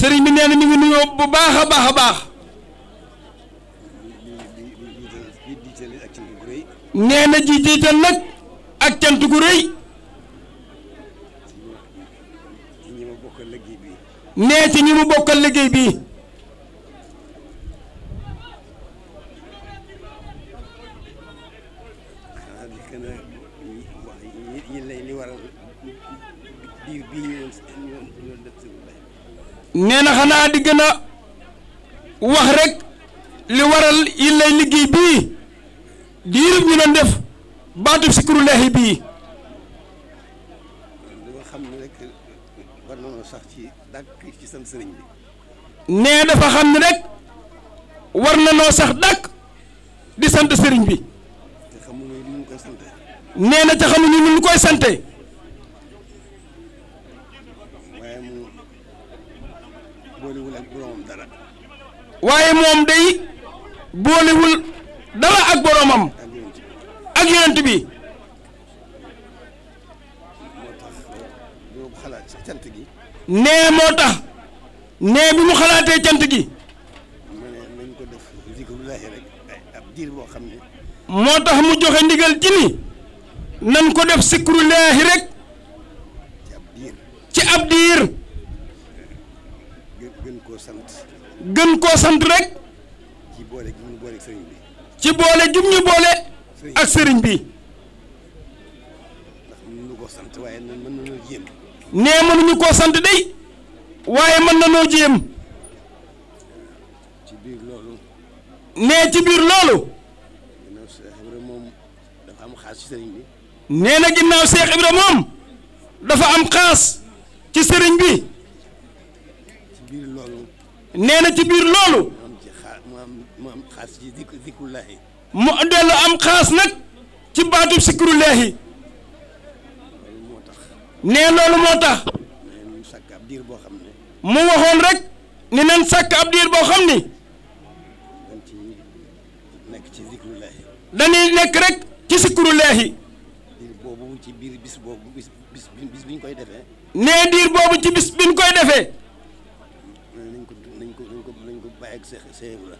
sëriñ bi nee na mi ngi nuyoo bu baax a baax a baax nee na ji jiital nag ak cant gu rëy nee ci ñi mu bokkal liggéey bii li waral nee na xanaa di gën a wax rek li waral yi lay liggéey bii diirub ñu doon def si sikru laahi bii nee dafa xam ne rekk war na noo sax dàkk di sant sëriñ bi nee na ca xamuñu lu ñu koy sante waaye moom day boolewul dara ak boromam ak yonent bi nee moo tax nee bi mu xalaatee cant gi moo tax mu joxe ndigal ci ni nan ko def sikrullaahi rek ci ab diir sant. gën koo sant rek. ci boole gi ñu boole ak sëriñ bi. ci boole jum ñu boole. ak sëriñ bi. ndax mënuñu koo sant waaye mën nañoo jéem. nee mënuñu koo sant day waaye mën ci biir loolu. nee ci biir loolu. ginnaaw Cheikh Ibrahima moom dafa sëriñ bi. moom dafa am xaas ci sëriñ bi. nee na ci biir loolu. mu am xaas ci zikrullahi. mu dellu am xaas nag ci baatub zikrullahi. nee loolu moo tax. mu waxoon rek ni nan sàkk ab diir boo xam ni. dañuy nekk rek ci zikrullahi. diir boobu ci biir bis boobu bis bi biñ koy defee. nee diir boobu ci bis biñ koy defee. nañ ko nañ ko nañ ko bàyyi ko tuddee Cheikh Ibra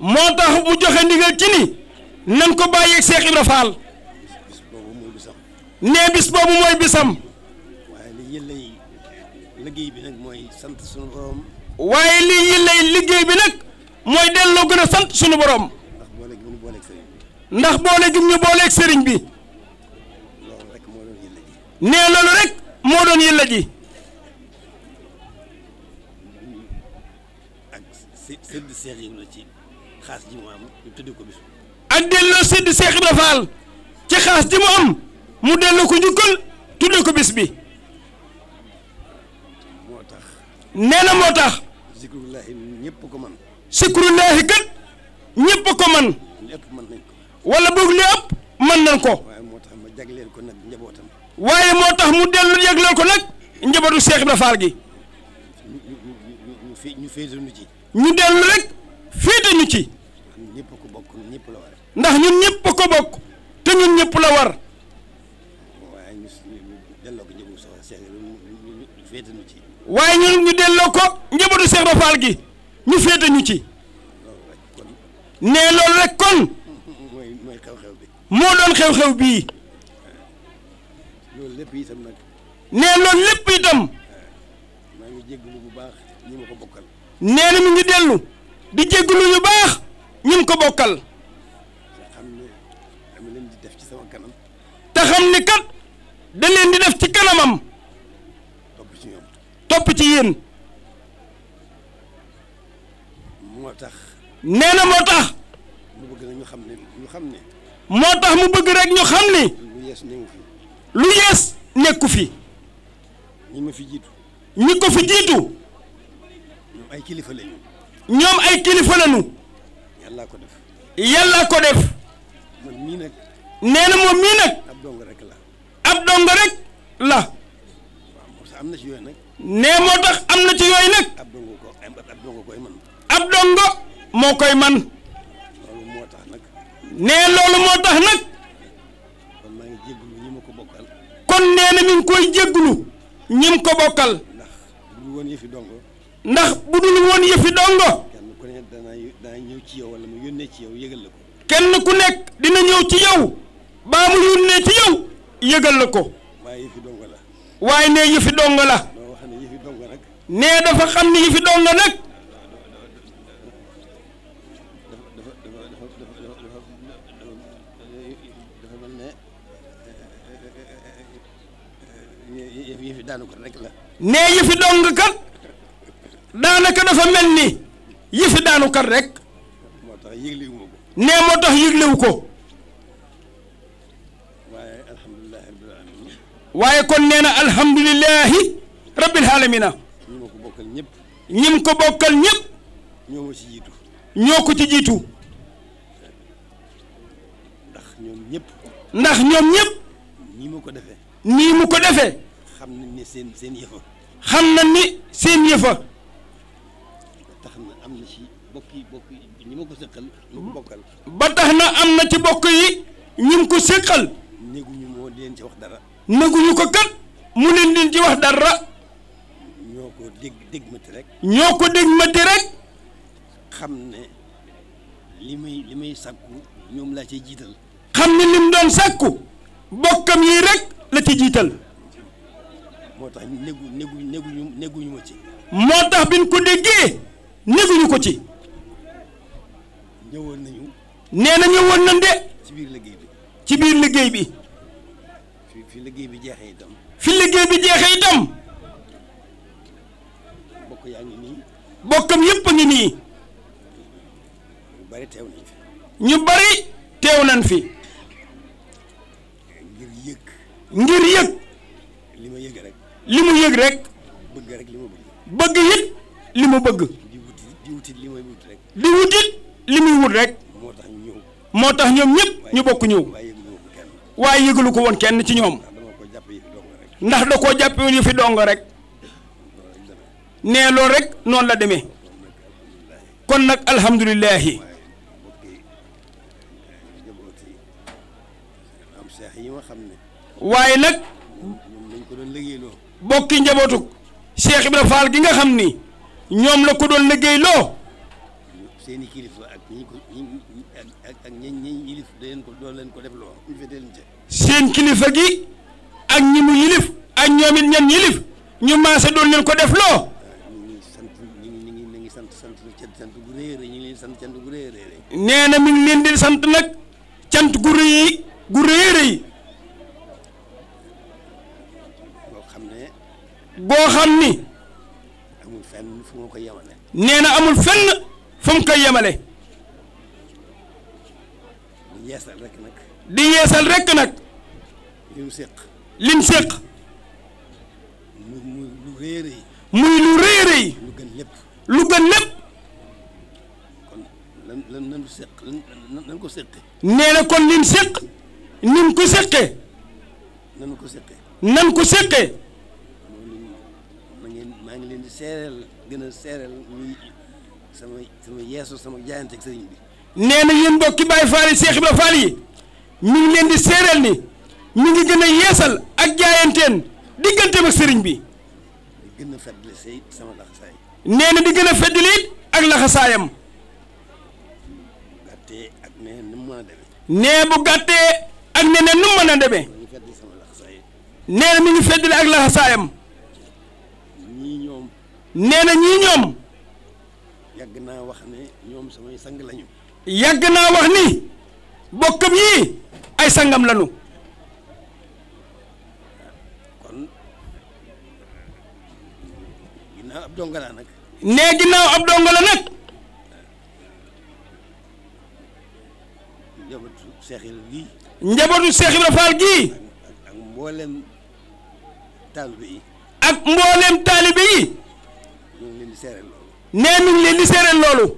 moo tax mu joxe ndigal ci ni nan ko bàyyi ak Cheikh Ibra Fall bis bisam nee bis boobu mooy bisam waaye li yëllay liggéey bi nag mooy sant suñu waaye li yëllay liggéey bi nag mooy delloo gën a sant suñu borom ndax boole jum ñu booleeg sëriñ bi nee loolu rek moo doon yëlla ji sëdd Seex Ibra ci xaas ji mu am ñu tuddee ko bis ak delloo sëdd Seex Ibra Faal mu am ko njukkal tuddee ko bis bi. moo nee na moo tax. zikrullaahi ñëpp ko man zikrullaahi ko man li mën nañ ko. wala boog li ëpp mën nañ ko. waaye moo tax ma jagleel ko nag njabootam. waaye moo tax mu dellu jagleel ko nag njabootu Seex Ibra gi. ñu ñu ñu ñu dellu rek féete ñu ci ndax ñun ñëpp a ko bokk te ñun ñëpp la war waaye ñun ñu delloo ko njabootu Cheikh Ibra Fall gi ñu féete ñu ci nee loolu rek kon moo doon xew-xew bii nee loolu lépp itam maa ngi jéggalu bu baax ñi ma nee na mi ngi dellu di jégglu yu baax ñun ko bokkal te xam ni kat da leen di def ci kanamam topp ci yéen moo tax nee na moo tax mu bëgg rek ñu xam ne ñu xam ne moo tax bëgg rek ñu xam ni lu yees nekku fi lu ma fi jiitu ñi ko fi jiitu ñoom ay kilifa lañu. yàllaa ko def. nee na moom mii nag. ab dong rek la. ab dong rek la. waaw moo nee moo tax am na ci yooyu nag. ab dong ko ab dong koy moo koy man. nee loolu moo tax nag. kon nee na mi koy jégalu ñi ko bokkal. ndax bu dul woon yëfi dongo. kenn ku nekk dana ñëw ci yow wala mu yónnee ci yow yëgal la kenn ku nekk dina ñëw ci yow baa mu yónnee ci yow yëgal la ko. waaye yëfi la. waaye ne yëfi dongo la. loo ne yëfi dongo nag. nee dafa xam ne yëfi dongo nag. nee yëfi dong kat. daanaka dafa mel ni yëfi daanu kat rek nee moo tax yëglewu ko waaye kon nee na alhamdulilahi rabbil alamina ñim ko bokkal ñëpp ñoo ci jiitu ñoo ko ci jiitu ndax ñoom ñépp ndax ñoom ñëpp nii mu ko defe nii mu ko defe xam nañ ni seen seen yëfa xam nañ ni seen yëfa tax na am na ci bokk yi bokk yi ñi ma ko seqal. ñu ko bokkal. ba tax na am na ci bokk yi ñu ko seqal. néguñu moo leen ci wax dara. néguñu ko kat mu leen leen ci wax dara. ñoo ko dégg dégmati rek. ñoo ko dégmati rek. xam ne li muy li muy sàkku ñoom laa ci jiital. xam ne lim doon sàkku bokkam yi rek la ci jiital. moo tax négu négu néguñu néguñu ma ci. moo tax bi ñu ko déggee. neguñu ko ci. ñëwoon nañu. nee na ñëwoon nañ de. ci biir liggéey bi. ci biir liggéey bi. fi fi liggéey bi jeexee itam. fi liggéey bi jeexee itam. bokk yaa ngi nii. bokkam yëpp a ngi nii. ñu bari teew nañ fi. ñu bari teew nañ fi. ngir yëg. ngir yëg. li ma yëg rek. li mu yëg rek. bëgg rek li ma bëgg. bëgg it li mu bëgg. wutit li muy wut rek. di wutit li muy wut rek. moo tax ñëw. moo tax ñoom ñëpp ñu bokk ñëw. waaye yëgalu ko woon kenn ci ñoom. ndax da koo jàppee woon yu fi dong rek. nee loolu rek noonu la demee. kon nag alhamdulilahi. waaye nag. bokki njabootu. Cheikh Ibrahima Fall gi nga xam ni. ñoom la ko doon liggéey loo. seeni kilifa ak ñi ko ak ak ñi ñi yilif leen ko doon leen ko def loo seen kilifa gi ak ñi mu yilif ak ñoom it ñan yilif ñu maase doon leen ko def loo. nee na mi ngi leen di sant nag cant gu rëy gu rëy rëy. boo xam ne. boo xam ni. amul fenn fu mu ko yemale. nee na amul fenn fu mu koy yemale. di yeesal rek nag. di yeesal rek nag. lim séq. lim séq. muy lu rëy rëy. muy lu rëy rëy. lu gën lépp. lu gën lépp. kon lan lan lan séq lan lan ko séqee. nee na kon lim séq. nim ko séqee. nan ko séqee. nan ko séqee. maa ngi leen di seereel gën a seereel sama sama sama jaayante ak sëriñ nee na yéen mbokki Baye Fall yi Cheikh Ibra Fall leen di seereel ni mi ngi gën ak jaayanteen digganteem ak sëriñ bi. gën a feddali say sama laxasaay. nee na di gën a feddali ak laxasaayam. gàttee ak nee nu mu mën a demee. nee bu gàttee ak nee nu mu a demee. nee na mi ngi feddali ak laxasaayam. nee na ñii ñoom. yàgg naa wax ne ñoom samay sang lañu. yàgg naa wax ni bokkam yii ay sangam lañu. kon ginnaaw ab donga nag. nee ginnaaw ab donga la nag. njabootu Seex gii. njabootu Seex Ibra gii. ak mboolem taalibe yi. ak mboolem taalibe yi. ñu ngi leen di seereel loolu. nee ñu ngi leen di seereel loolu.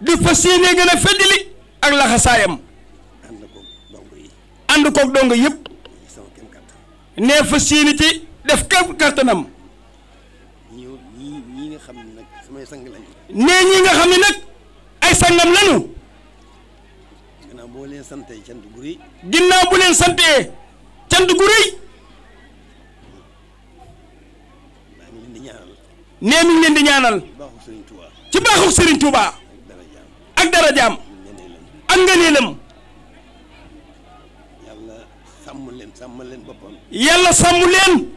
di fas yéene gën a feddali ak laxasaayam. ànd koog dongo yi. ànd koog dongo yëpp. ne fa yéene ci def kéem kattanam. ñii nga xam ne nag samay sang lañu. nee nga xam ne nag ay sangam lañu. ginnaaw boo leen santee cant gu rëy. ginnaaw bu leen santee cant gu nee mi ngi leen di ñaanal ci baaxu Serigne Touba ak darajaam ak ngëneelam yàlla sàmm leen sàmm leen boppam. yàlla sàmm leen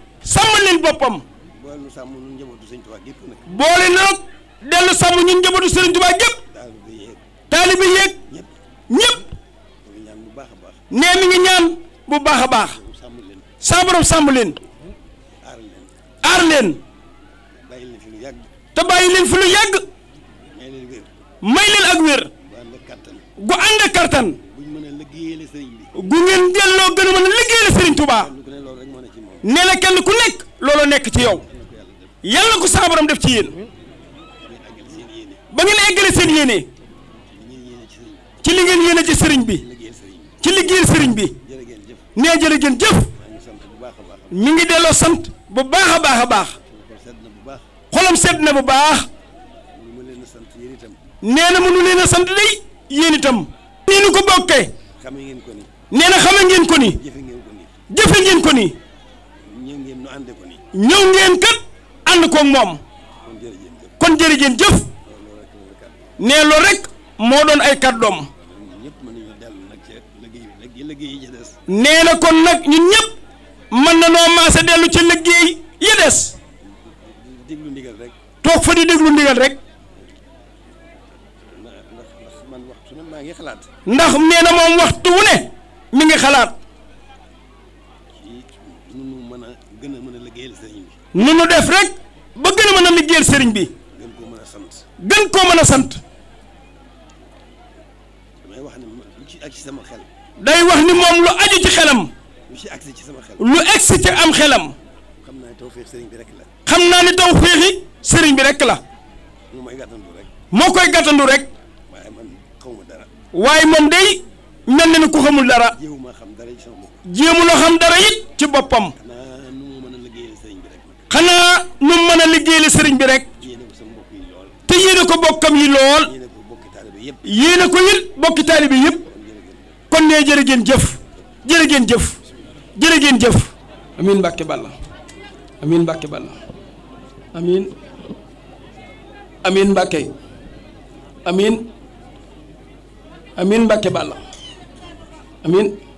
boppam. boole nu sàmm ñun njabootu Serigne Touba gépp nag. boole nag dellu sàmm ñun njabootu Serigne Touba gépp. taalibe yeeg taalibe yeeg ñëpp ñëpp. nee mi ngi ñaan bu baax a baax. sàmm leen sàmm leen. aar leen. te bàyyi leen fi lu yàgg may leen ak wér gu ànd ak kattan gu ngeen delloo gën a mën a liggéeyal Serigne Touba nee na kenn ku nekk loolu nekk ci yow yàlla ko saa def ci yéen ba ngeen eggale seen yéene ci li ngeen yéene ci Serigne bi ci liggéeyal sëriñ bi nee jërë ngeen jëf mi ngi delloo sant bu baax a baax a baax. xolam sedd na bu baax nee na mënu leen sant day yéen itam nii nu ko bokkee nee na xame ngeen ko ni jëfe ngeen ko ni ñëw ngeen kat ànd koog moom kon jërëjeen jëf nee lool rek moo doon ay kàddoom nee na kon nag ñu ñëpp mën na noo maase dellu ci liggéey yi des déglu ndigal rek. toog fa di déglu ndigal rek. ndax man waxtu maa ngi xalaat. ndax nee na moom waxtu wu ne mi ngi xalaat. nu mën a gën a mën a liggéeyal sëriñ bi. nu nu def rek ba gën a mën a liggéeyal sëriñ bi. gën koo mën a sant. gën koo mën a wax ne lu ci ak ci sama xel. day wax ni moom lu aju ci xelam. lu ci ci sama xel. lu am xelam. xam naa ne sëriñ bi la. xam naa ni taw féexi sëriñ bi rek la. moo koy gàttandu rek. waaye moom day mel na ni ku xamul dara. jéemu loo xam dara it ci boppam. xanaa nu mu mën a liggéeyale sëriñ bi rek. te yéene ko bokkam yi lool. yéene ko it bokki taalibe yëpp. kon nee jërë ngeen jëf. jërë ngeen jëf. jërë ngeen jëf. amiin Mbàkke Balla amiin Mbàkke Balla amiin amiin Mbacke amiin amiin Mbacke Balla amiin